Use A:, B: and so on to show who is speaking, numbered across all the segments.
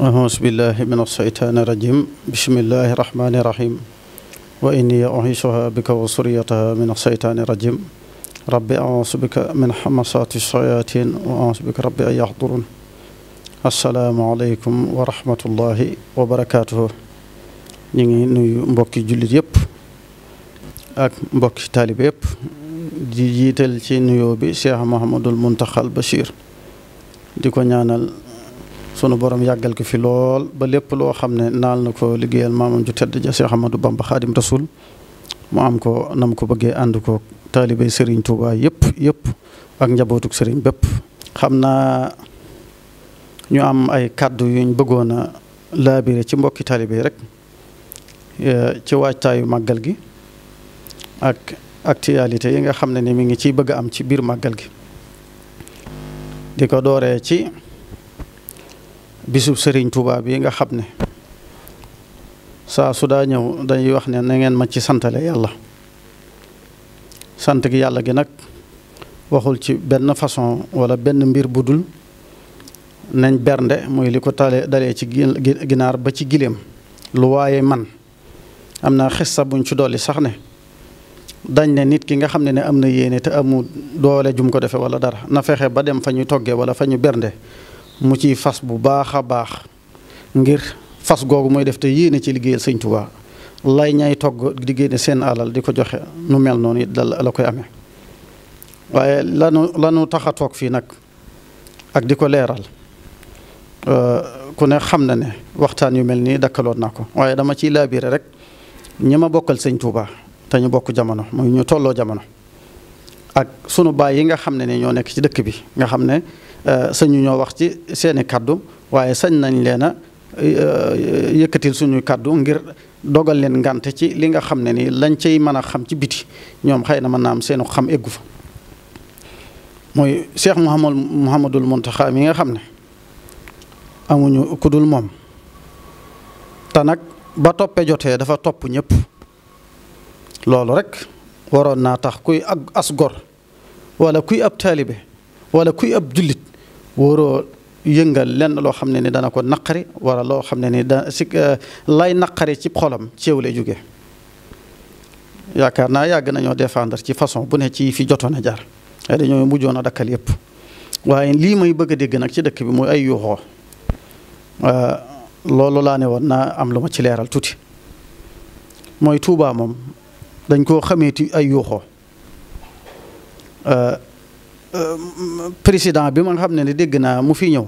A: أعوذ بالله من الشيطان الرجيم بسم الله الرحمن الرحيم وإني أعيشها بك وسريتها من الشيطان الرجيم ربي أعوذ بك من حمسات الشياطين وأعوذ بك ربي أن يحضرون السلام عليكم ورحمة الله وبركاته ñu ngi nuyu mbokki jullit yëpp ak mbokki taalib yëpp di jiital ci nuyoo bi Cheikh Mouhamadul Muntaxal Bachir di ko ñaanal sunu borom yàggal ko fi lool ba lépp loo xam ne naal na ko liggéeyal maamam ju tedd ja Cheikh Ahmadou Bamba Xaadim Rasul mu am ko nam ko bëggee ànd ko taalibey Serigne Touba yëpp yëpp ak njabootuk sëriñ bépp. xam naa ñu am ay kàddu yuñ bëggoon a laabire ci mbokki taalibey rek e, ci waajtaayu màggal gi ak actualité yi nga xam ne ne mi ngi ciy bëgg a am ci biir màggal gi di ko dooree ci. bisu sëriñ Touba yi nga xam ne saa su daa ñëw dañuy wax ne na ngeen ma ci santale yàlla sant gi yàlla gi nag waxul ci benn façon wala benn mbir bu dul nañ bernde mooy li ko tale dalee ci ginaar ba ci gileem lu waaye man am naa xissa buñ ci dolli sax ne dañ ne nit ki nga xam ne ne am na yéene te amul doole jum ko defe wala dara na fexe ba dem fa ñuy toggee wala fa ñu bernde mu ciy fas bu baax a baax ngir fas googu mooy def te yéene ci liggéeyal sëñ Tuubaa lay ñay togg di génne seen alal di ko joxe nu mel noonu it dal la koy ame waaye lanu lanu tax a toog fii nag ak di ko leeral euh, ku ne xam na ne waxtaan yu mel nii dakkaloon naa ko waaye dama ciy laabire rek ñi ma bokkal sëñ Tuubaa te ñu bokk jamono muy ñu tolloo jamono ak sunu baay yi nga xam ne ne ñoo nekk ci dëkk bi nga xam ne Euh, sañu ñoo wax ci seeni kàddu waaye sañ nañ leen a euh, yëkkatil suñuy kàddu ngir dogal leen ngante ci li nga xam ne ni lañ cay mën a xam ci biti ñoom xëy na mën naa am seenu xam eggu fa mooy Cheikh Mouhamad Mouhamadul mi nga xam ne amuñu kudul moom te nag ba toppe jotee dafa topp ñëpp loolu rek waroon naa tax kuy ak as gor wala kuy ab taalibe wala kuy ab jullit wóoroo yëngal lenn loo xam ne ni dana ko naqari wala loo xam ne ni da euh, lay naqari ci xolam ceew lay jóge yaakaar naa yàgg nañoo défendre ci façon bu ne ci fi jotoon a jaar ay dañoo mujjoon a dakkal yépp waaye lii may bëgg a dégg nag ci dëkk bi mooy ay yuuxoo euh, loolu laa ne woon naa am lu ma ci leeral tuuti mooy Tuubaa moom dañ koo xamee ci ay yuuxoo euh, président bi ma nga xam ne ne dégg naa mu fi ñëw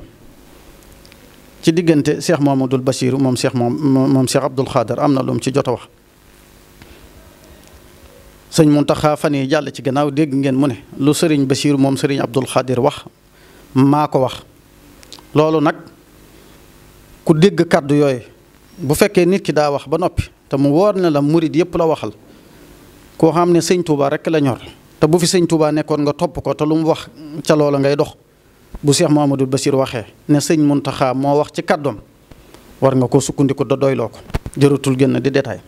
A: ci diggante Cheikh Mamadou Bassirou moom seex moom moom Cheikh Abdoul Khader am na lu mu ci jot a wax. sëñ Mountakha fan yii jàll ci gannaaw dégg ngeen mu ne lu sëriñ Bassirou moom sëriñ Abdoul Khader wax maa ko wax loolu nag ku dégg kàddu yooyu bu fekkee nit ki daa wax ba noppi te mu wóor na la murit yëpp la waxal koo xam ne sëñ Touba rek la ñor. te bu fi sëñ Touba nekkoon nga topp ko te lu mu wax ca loola ngay dox bu Cheikh Mouhamadou Bassir waxee ne sëñ Mountakha moo wax ci kàddoom war nga koo sukkandiku da doyloo ko jëratul génn di détail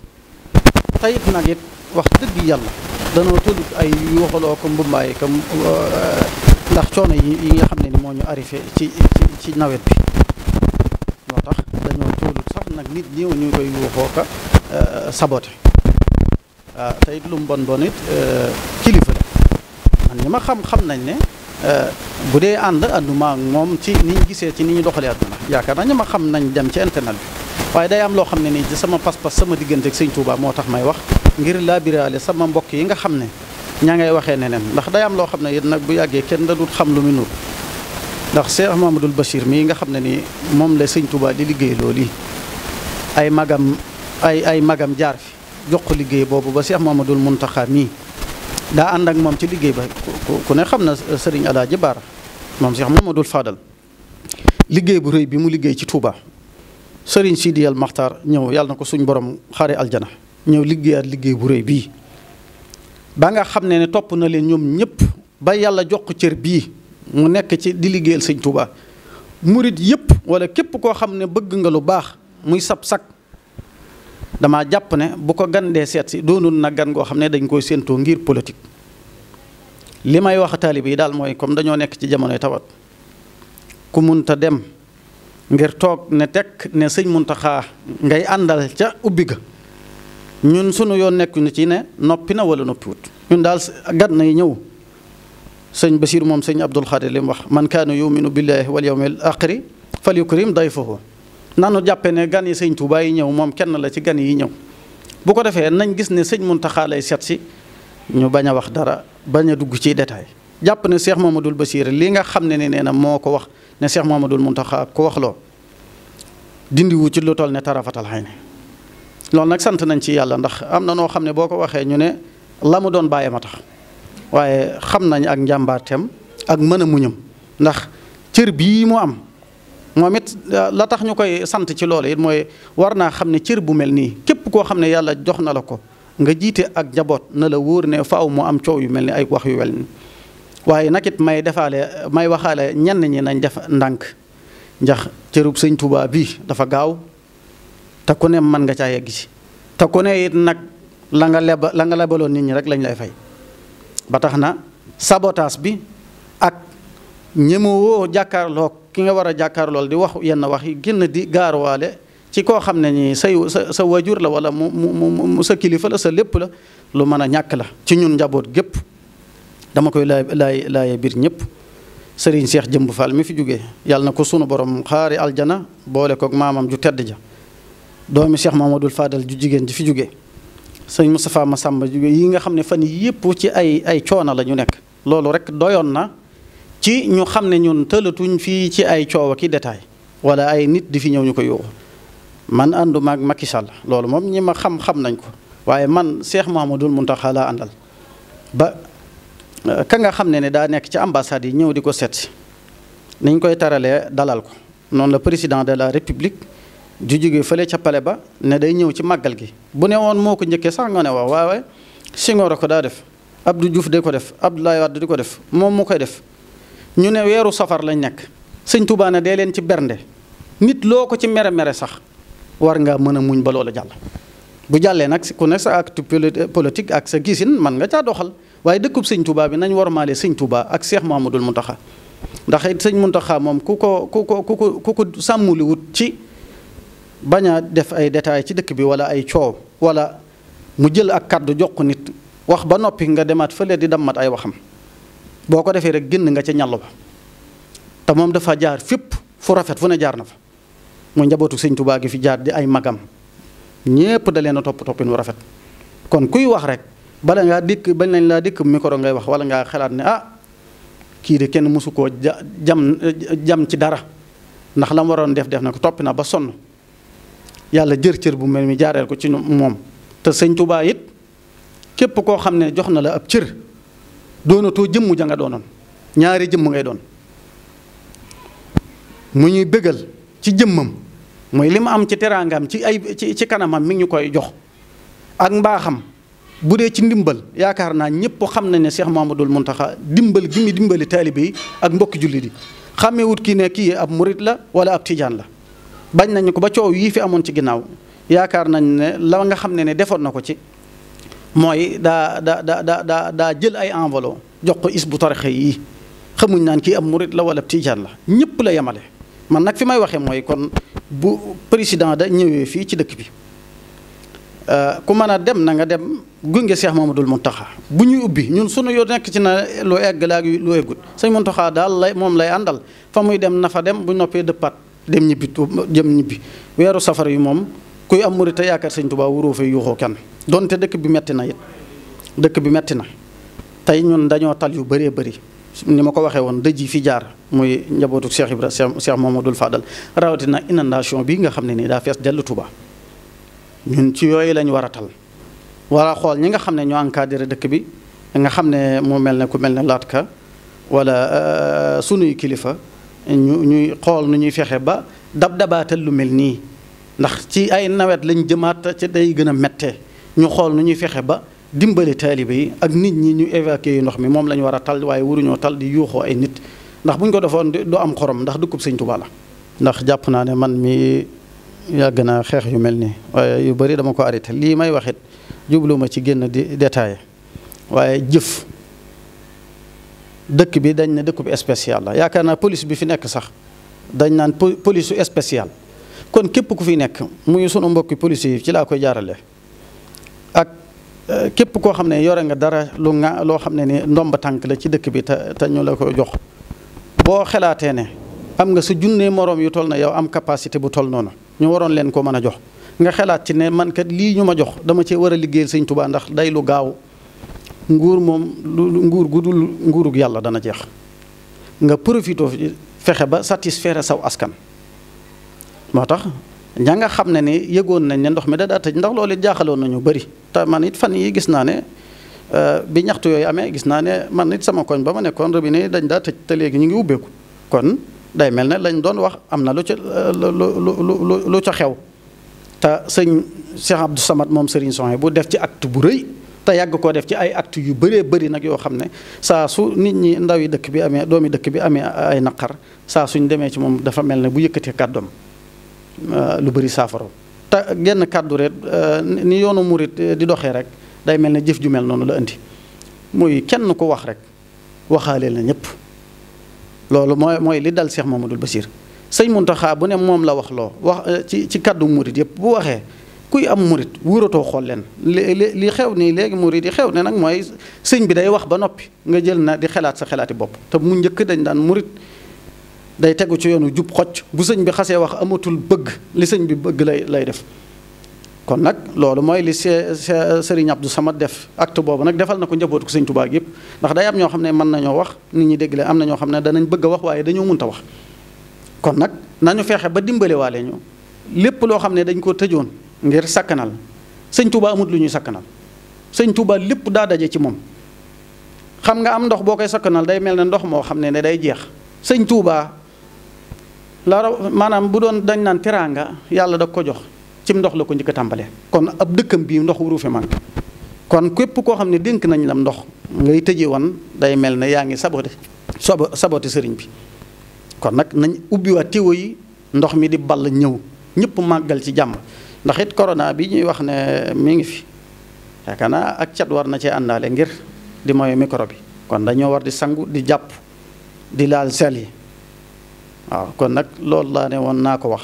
A: tayit nag it wax dëgg yàlla danoo tudd ay waxaloo ko mbumbaay ko ndax coono yi yi nga xam ne ni moo ñu arrivé ci ci nawet bi moo tax dañoo tuulut sax nag nit ñëw ñu koy yuuxoo ka sabote waaw te it lu mu bon bon it man ma xam xam nañ ne euh, bu dee ànd ànduma moom ci ni gisee ci ni ñu doxalee àdduna yaakaar naa ñi ma xam nañ dem ci internet bi waaye day am loo xam ne nii sama pas-pas sama diggante ak sëñ Touba moo tax may wax ngir laabiraale sama mbokk yi nga xam ne ñaa ngay waxee neneen ndax day am loo xam ne it nag bu yàggee kenn da dul xam lu mu nur ndax Cheikh Mamadou Bachir mii nga xam ne ni moom la sëñ Touba di liggéey loolu ay magam ay ay magam jaar fi jox liggéey boobu ba Cheikh Mamadou Mountakha mii daa ànd ak moom ci liggéey ba ku ne xam na uh, sëriñ Alaaji Baara moom Cheikh Mamadou Fadal liggéey bu rëy bi mu liggéey ci Touba sëriñ Sidi al Maxtaar ñëw yàlla na ko suñ borom xare aljana ñëw liggéeyaat liggéey bu rëy bii ba nga xam ne ne topp na leen ñoom ñëpp ba yàlla jox ko cër bii mu nekk ci di liggéeyal sëñ Touba murit yëpp wala képp koo xam ne bëgg nga lu baax muy sab sak dama jàpp ne bu ko gan dee seet si doonul na gan goo xam ne dañ koy séentoo ngir politique li may wax taalibe yi daal mooy comme dañoo nekk ci jamonoy tawat ku munta dem ngir toog ne tekk ne sëñ Muntaxa ngay àndal ca ubbi ga ñun sunu yoon nekk ñu ci ne noppi na wala noppiwut ñun daal gan na ñëw sëñ Basiir moom sëñ Abdul Xaadir li mu wax man kaana yuminu billahi wal yawmil axiri fal yukrim fo nanu jàppe ne gan yi sëñ Tuubaa yi ñëw moom kenn la ci gan yi ñëw bu ko defee nañ gis ne sëñ mun lay seet si ñu bañ a wax dara bañ a dugg ci détail jàpp ne Cheikh Mamadou Bachir li nga xam ne ne nee na moo ko wax ne Cheikh Mamadou Muntaxa ko wax loo dindiwu ci lu toll ne tarafatal xay ne loolu nag sant nañ ci yàlla ndax am na noo xam ne boo ko waxee ñu ne la mu doon bàyyee ma tax waaye xam nañ ak njàmbaarteem ak mën a muñam ndax cër bii mu am moom it la tax ñu koy sant ci loolu it mooy war naa xam ne cër bu mel nii képp koo xam ne yàlla jox na la ko nga jiite ak njaboot na la wóor ne faaw mu am coow yu mel ni ay wax yu wel ni waaye nag it may defaale may waxaale ñenn ñi nañ def ndànk ndax cëru sëñ Tuubaa bii dafa gaaw te ku ne mën nga caa yegg te ku ne it nag la nga leb la nga nit ñi rek lañ lay fay ba tax na sabotaas bi ak ñemewoo jàkkaarloog ki nga war a jàkkaar lool di wax yenn wax yi génn di gaaruwaale ci koo xam ne nii say sa wajur la wala mu mu mu sa kilifa la sa lépp la lu mën a ñàkk la ci ñun njaboot gépp dama koy laay laay biir ñëpp sëriñ Cheikh Jëmb Fall mi fi jógee yàlla na ko sunu borom xaari aljana boole koog maamam ju tedd ja doomi Cheikh Mamadou Fadal ju jigéen ji fi jógee sëñ ma sàmba jóge yi nga xam ne fan yëpp ci ay ay coono la ñu nekk loolu rek doyoon na ci ñu xam ne ñun tëlatuñ fii ci ay coow ki détail wala ay nit di fi ñëw ñu ko yuuxu man ànduma ak Macky Sall loolu moom ñi ma xam-xam nañ ko waaye man Cheikh Mouhamadoul Mountakha laa àndal ba euh, ka nga xam ne ne daa nekk ci ambassade yi ñëw di ko seet niñ koy tarale dalal ko noonu la président de la république ju jóge fële ca pale ba ne day ñëw ci màggal gi bu ne woon moo ko njëkkee sax nga ne waaw waaye Senghor ko daa def Abdou juuf de ko def Abdoulaye Wade di ko def moom mu koy def ñu ne weeru safar lañ nekk sëñ Tuubaa ne dee leen ci bernde nit loo ko ci mere mere sax war nga mën a muñ ba loola jàll. bu jàllee nag ku ne sa acte politique ak sa gisin man nga caa doxal waaye dëkkub sëñ Tuubaa bi nañ warmaale sëñ Tuubaa ak Seex Muhammadul Muntaxa ndax it sëñ Muntaxa moom ku ko ku ko ku ko ku ko sàmmuli wut ci bañ a def ay détails ci dëkk bi wala ay coow wala mu jël ak kàddu jox ko nit wax ba noppi nga demaat fële di dammat ay waxam. boo ko defee rek génn nga ca ñàll ba te moom dafa jaar fépp fu rafet fu ne jaar na fa mu njabootu sëñ Tuubaa gi fi jaar di ay magam ñépp da leen a topp toppin rafet kon kuy wax rek bala ngaa dikk bañ nañ laa dikk micro ngay wax wala ngaa xalaat ne ah kii de kenn mësu koo ja jam jam ci dara ndax la waroon def def na ko toppi na ba sonn yàlla jër cër bu mel mi jaareel ko ci moom te sëñtubaa Tuubaa it képp koo xam ne jox na la ab cër doonatoo jëmm janga doonoon ñaari jëmm ngay doon mu ñuy bëggal ci jëmmam mooy li ma am ci teraangam ci ay ci ci kanamam mi ngi ñu koy jox ak mbaaxam bu dee ci ndimbal yaakaar naa ñëpp xam nañ ne Cheikh mun Mountakha dimbal gi dimbali taalibe yi ak mbokki julli di xàmmeewut kii ne kii ab murit la wala ab tijaan la bañ nañu ko ba coow yii fi amoon ci ginnaaw yaakaar nañ ne la nga xam ne ne defoon na ko ci mooy daa daa daa daa daa jël ay enveloppe jox ko is bu tarixa yi xamuñ naan kii am murit la wala tijaan la ñëpp la yemale. man nag fi may waxee mooy kon bu président da ñëwee fii ci dëkk bi euh, ku mën a dem na nga dem gunge Cheikh Mamadou taxaa bu ñuy ubbi ñun sunu yoo nekk ci na lu egg la ak lu eggut sëñ Mountakha daal lay moom lay àndal fa muy dem nafa dem bu noppee dëppaat dem ñibbi jëm ñibbi weeru safar yi moom. kuy am murit te yaakaar sëñ Tuubaa wuroo fee yuuxoo kenn donte dëkk bi metti na it dëkk bi metti na tey ñun dañoo tal yu bëree bëri ni ma ko waxee woon dëj yi fi jaar muy njabootu Cheikh Ibra Cheikh Mamadou Fadal rawatina inondation bi nga xam ne nii daa fees dellu Touba ñun ci yooyu lañ war a tal wala xool ñi nga xam ne ñoo encadré dëkk bi nga xam ne mu mel ne ku mel ne Latka wala euh, sunuy kilifa ñu ñuy xool nu ñuy fexe ba dab dabaatal lu mel nii ndax ci ay nawet lañ jëmaat ci day gën a méttee ñu xool nu ñuy fexe ba dimbali taalibe yi ak nit ñi ñu évacuer yu ndox mi moom lañu ñu war a tal waaye waruñoo tal di yuuxoo ay nit ndax bu ñu ko defoon du am xorom ndax dëkkub sañ Tuubaa la ndax jàpp naa ne man mi yàgg naa xeex yu mel nii waaye yu bari dama ko arrêté lii may waxit jubluma ci génn di détaillé waaye jëf dëkk bi dañ ne dëkk bi spécial la yaakaar naa police bi fi nekk sax dañ naan police su spécial kon képp ku fi nekk muy sunu mbokki policiers yi ci laa koy jaarale ak eh, képp koo xam ne yore nga dara lu nga loo xam ne ni ndomba tànk la ci dëkk bi te te ñu la koy jox boo xalaatee ne am nga sa junne moroom yu toll na yow am capacité bu toll noonu ñu waroon leen ko mën a jox nga xalaat ci ne man kat lii ñu ma jox dama cee war a liggéeyal sëñ Tuubaa ndax day lu gaaw nguur moom lu nguur gu dul nguurug yàlla dana jeex nga profité fexe ba satisfaire saw askan moo tax ña nga xam ne ni yëgoon nañ ne ndox mi da daa tëj ndax loolu jaaxaloon nañu bëri te man it fan yi gis naa ne euh, bi ñaxtu yooyu amee gis naa ne man it sama koñ ba ma nekkoon robinet dañ daa tëj te léegi ñu ngi ubbeeku kon day mel ne lañ doon wax am na lu ca lu lu lu ca xew te sëñ Cheikh samat Samad moom sëriñ Soxna bu def ci act bu rëy te yàgg koo def ci ay acte yu bëree bëri nag yoo xam ne saa su nit ñi ndaw yi dëkk bi amee doomi dëkk bi amee ay naqar saa suñ demee ci moom dafa mel ne bu yëkkatee kàddoom lu bari saafara te genn kàddu rek euh, ni yoonu murit euh, di doxee rek day mel ne jëf ju mel noonu la indi muy kenn ko wax rek waxaaleel la ñëpp loolu mooy mooy li dal seex Cheikh Mamadou Bassir sëñ Muntaxa bu ne moom la wax loo wax euh, ci ci kàddu murit yëpp bu waxee kuy am murit wuuratoo xool leen li xew nii léegi murit yi xew ne nag mooy sëñ bi day wax ba noppi nga jël na di xalaat sa xalaati bopp te mu njëkk dañ daan murit day tegu ci yoonu jub xocc bu sëñ bi xasee wax amatul bëgg li sëñ bi bëgg lay lay def kon nag loolu mooy li sëriñ Abdou sama def acte boobu nag defal na ko njabootu ko sëñ Tuubaa yëpp ndax day am ñoo xam ne mën nañoo wax nit ñi dégg leen am na ñoo xam ne danañ bëgg a wax waaye dañoo wax kon nag nañu feexe ba dimbaliwaale waale ñu lépp loo xam ne dañ koo tëjoon ngir sakkanal sëñ Tuubaa amut lu ñuy sakkanal sëñ Tuubaa lépp daa daje ci moom xam nga am ndox boo koy sakkanal day mel ne ndox moo xam ne ne day jeex sëñ Tuubaa la maanaam bu doon dañ naan teraanga yàlla da ko jox cim ndox la ko njëkk a tàmbalee. kon ab dëkkam bii ndox wuru fi man kon képp koo xam ne dénk nañ lam ndox ngay tëje woon day mel ne yaa ngi saboté sabo saboté sëriñ bi kon nag nañ ubbiwaat tiwo yi ndox mi di ball ñëw ñëpp màggal ci jàmm ndax it corona bi ñuy wax ne mi ngi fi yaakaar naa ak cat war na cee àndaale ngir di moyo micro bi kon dañoo war di sangu di jàpp di laal sel yi waaw kon nag loolu laa ne woon naa ko wax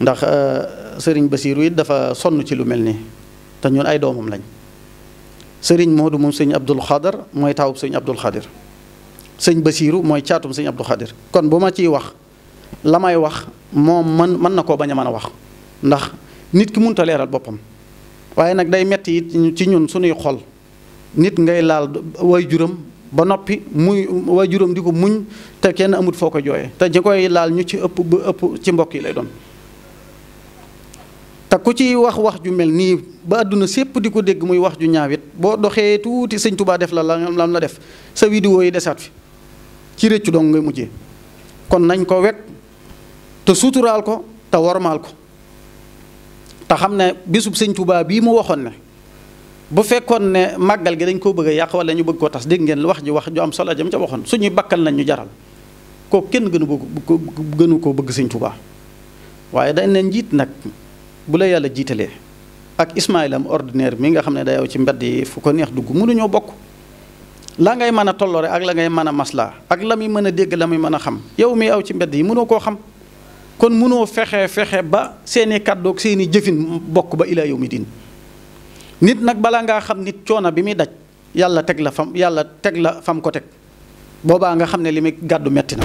A: ndax euh, sëriñ Basiiru it dafa sonn ci lu mel nii te ñun ay doomam lañ sëriñ Moodu moom sëñ Abdul Xadar mooy taawub sëñ Abdul Xadir sëñ Basiiru mooy caatum sëñ Abdul Xadir kon bu ma ciy wax la may wax moom mën mën na ko bañ a mën a wax ndax nit ki mënut leeral boppam waaye nag day metti it ci ñun suñuy xol nit ngay laal way juram ba noppi muy waajuram di ko muñ te kenn amut foo ko jooyee te ñi koy laal ñu ci ëpp bu ëpp ci mbokk yi lay doon te ku ci wax wax ju mel nii ba àdduna sépp di ko dégg muy wax ju ñaawit boo doxee tuuti sëñ Tuubaa def la lam la def sa vidéo yi desaat fi ci rëccu dong ngay mujjee kon nañ ko wekk te suturaal ko te wormaal ko te xam ne bésub sëñ bii mu waxoon ne bu fekkoon ne màggal gi dañ koo bëgg a yàq ñu bëgg koo tas dégg ngeen wax ji wax ju am solo jëm ca waxoon suñuy bakkal nañ ñu jaral koo kenn gënu ko gënu koo bëgg sëñ Tuubaa waaye dañ ne njiit nag bu la yàlla jiitalee ak Ismaïla am ordinaire mi nga xam ne dayow ci mbedd yi fu ko neex dugg mënuñoo bokk la ngay mën a tolloore ak la ngay mën a maslaa ak la muy mën a dégg la muy mën a xam yow mi aw ci mbedd yi mënoo koo xam kon mënoo fexe fexe ba seeni kàddoog jëfin bokk ba ilaa yow mi diin nit nag balaa ngaa xam nit coono bi muy daj yàlla teg la fam yàlla teg la fam ko teg boobaa nga xam ne li muy gàddu metti na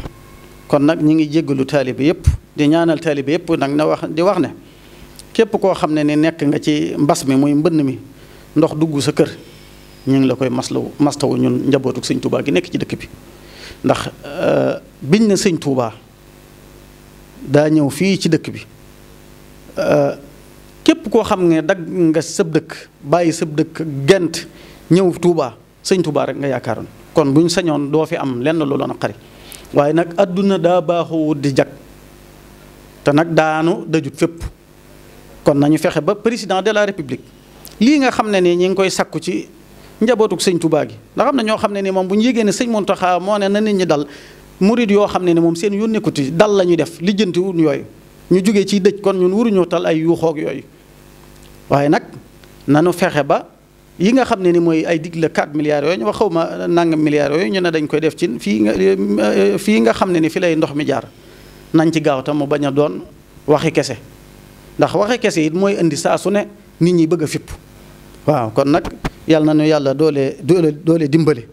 A: kon nag ñi ngi jéggalu taalibe yëpp di ñaanal taalibe yëpp nag na wax di wax ne képp koo xam ne ni nekk nga ci mbas mi muy mbënn mi ndox dugg sa kër ñu ngi la koy maslawu mastawu ñun njabootu sëñ Touba gi nekk ci dëkk bi ndax eh, biñ na sëñ Touba daa ñëw fii ci dëkk bi eh, képp koo xam nga dag nga sab dëkk bàyyi sab dëkk gent ñëw Touba sëñ Touba rek nga yaakaaroon kon buñ sañoon doo fi am lenn loolu na xari waaye nag adduna daa baaxoo di jag te nag daanu dajut fépp kon nañu fexe ba président de la république lii nga xam ne nii ñi ngi koy sakku ci njabootuk sëñ Touba gi ndax am na ñoo xam ne nii moom bu ñu yégée ne sëñ Mountakha moo ne na nit ñi dal murid yoo xam ne ni moom seen yónneekuti dal la ñuy def lijjantiwul yooyu ñu jóge ci dëj kon ñun waruñoo tal ay yuuxoog yooyu waaye nag nanu fexe ba yi nga xam ne ni mooy ay digle 4 milliards yooyu ñu wax ma nangam milliards yooyu ñu ne dañ koy def ci fii nga fii nga xam ne ni fi lay ndox mi jaar nañ ci gaaw tam mu bañ a doon waxi kese ndax waxi kese it mooy indi saa su ne nit ñi bëgg a fipp waaw kon nag yàlla na ñu yàlla doole doole doole dimbali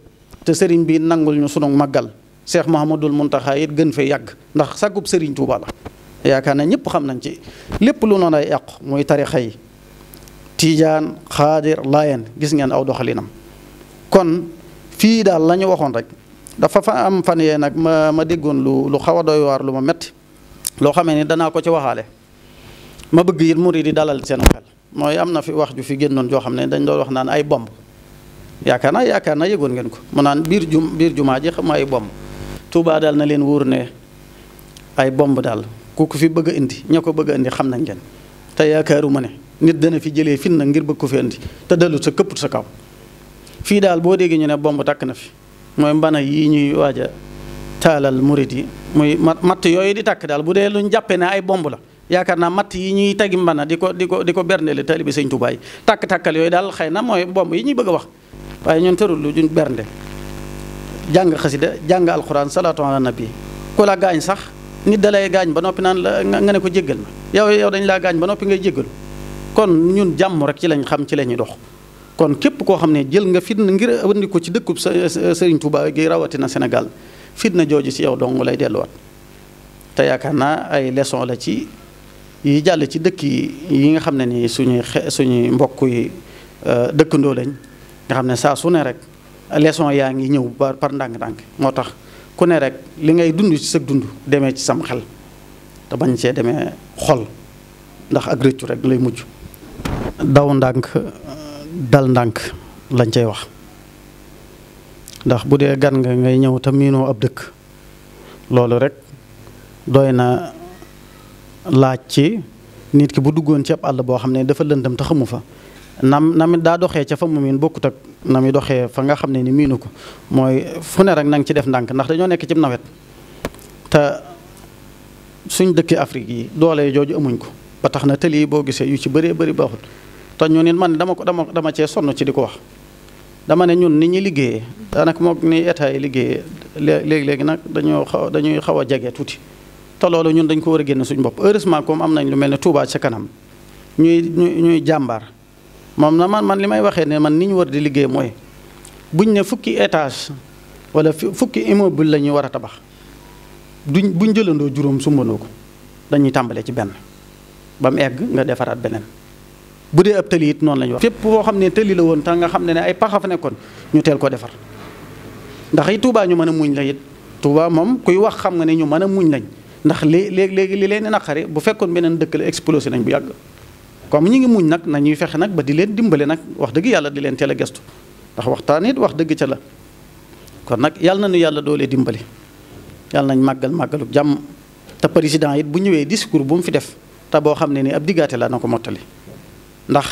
A: te sëriñ bii nangul ñu sunu màggal Cheikh Mouhamadoul Mountakha it gën fay yàgg ndax sàggub sëriñ Touba la. yaakaar nañ ñëpp xam nañ ci lépp lu noonu ay yàqu muy tarixa yi tiijaan xaadir laayeen gis ngeen aw doxalinam kon fii daal la waxoon rek dafa fa am fan yee nag ma ma déggoon lu lu xaw a doy waar lu ma metti loo xamee ni danaa ko ci waxaale ma bëgg it murid yi dalal seen xel mooy am na fi wax ju fi génnoon joo xam ne dañ doon wax naan ay bomb yaakaar naa yaakaar naa yëgoon ngeen ko mu naan biir jum biir jumaa ji xam ay bomb Tuubaa daal na leen wóor ne ay bomb daal ku ko fi bëgg a indi ña ko bëgg a indi xam nañ leen te yaakaaru ma ne nit dana fi jële fin na ngir bëgg ko fi indi te dalut sa këpput sa kaw fii daal boo déggee ñu ne bomb takk na fi mooy mbana yi ñuy waaj a taalal murit yi muy mat yooyu di takk daal bu dee luñ jàppee ne ay bomb la yaakaar naa matt yi ñuy tegi mbana di ko di ko di ko berndele taalibi sëñ Tuubaa yi takk-takkal yooyu daal xëy na mooy bomb yi ñuy bëgg a wax waaye ñun tërul lu juñ bernde jàng xasida jàng alxuraan salaatu ala nabi nit dalay gaañ ba noppi naan la nga ne ko jéggal ma yow yow dañ laa gaañ ba noppi ngay jéggalu kon ñun jàmm rek ci lañ xam ci la ñuy dox kon képp koo xam ne jël nga fitna ngir andi ko ci dëkkub Serigne Touba gi rawatina Sénégal fitna jooju ci yow dong lay delluwaat te yaakaar naa ay leçon la ci yi jàll ci dëkk yi yi nga xam ne ni suñuy xe suñuy mbokk yi euh, dëkkandoo lañ nga xam ne saa su ne rek leçon yaa ngi ñëw par par ndànk-ndànk moo tax. ku ne rek li ngay dund ci sa dund demee ci sam xel te bañ see demee xol ndax ak rëccu rek lay mujj daw ndànk dal ndànk lañ cay wax ndax bu dee gan nga ngay ñëw te miinoo ab dëkk loolu rek doy na laaj ci nit ki bu duggoon ci ab àll boo xam ne dafa lëndëm te xamu fa nam na mi daa doxee ca fa mu miin bokkut ak na mi doxee fa nga xam ne ni miinu ko mooy fu ne rek ci def ndànk ndax dañoo nekk ci nawet te suñ dëkki Afrique yi doole jooju amuñ ko ba tax na tëli yi boo gisee yu ci bëree bëri baaxul te ñu nit man dama ko dama dama cee sonn ci di ko wax dama ne ñun ni ñuy liggéeyee daanaka moom ni état yi léegi-léegi nag dañoo xaw dañuy xaw a jege tuuti te loolu ñun dañ ko war a génn suñu bopp heureusement comme am nañ lu mel ne Touba ca kanam ñuy ñuy jàmbaar moom na man man li may waxee ne man ni ñu war di liggéey mooy bu ñu ne fukki étage wala fukki immeuble la ñu war a tabax duñ buñ jëlandoo juróom sumbandoo ko dañuy tàmbale ci benn ba mu egg nga defaraat beneen bu dee ab tëli it noonu la wax. fépp boo xam ne tëli la woon te nga xam ne ne ay pax a nekkoon ñu teel ko defar ndax it Touba ñu mën a muñ la it Touba moom kuy wax xam nga ne ñu mën muñ lañ ndax léeg léeg léegi li leen di naqari bu fekkoon beneen dëkk la explosé nañ bu yàgg. comme ñi ngi muñ nag nañuy fexe nag ba di leen dimbali nag wax dëgg yàlla di leen teel a gestu ndax waxtaan it wax dëgg ca la kon nag yàlla na nu yàlla doolee dimbale yàlla nañ màggal màggalu jàmm te président it bu ñëwee discours bu mu fi def te boo xam ne ni ab diggaate la na ko mottali ndax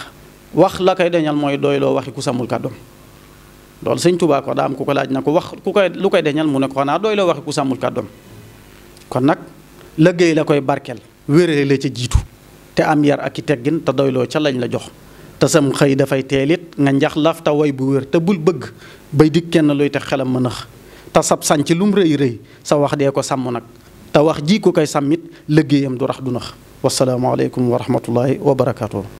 A: wax la koy deñal mooy doy loo waxi ku samul kàddoom loolu sëñ Tuubaa ko ko laaj na ko wax ku koy lu koy deñal mu ne ko xanaa doy loo waxi ku sàmmul barkeel wéree la ca jiitu te am yar ak i teggin te doyloo ca lañ la jox te sam xëy dafay teelit nga njax laf te way bu wér te bul bëgg bay dik kenn luy te xelam ma ax te sab sànc lum rëy rëy sa wax dee ko sàmm nag te wax jii ko koy sàmmit liggéeyam du rax du nax wasalaamualeykum wa rahmatullahi wa barakaatu.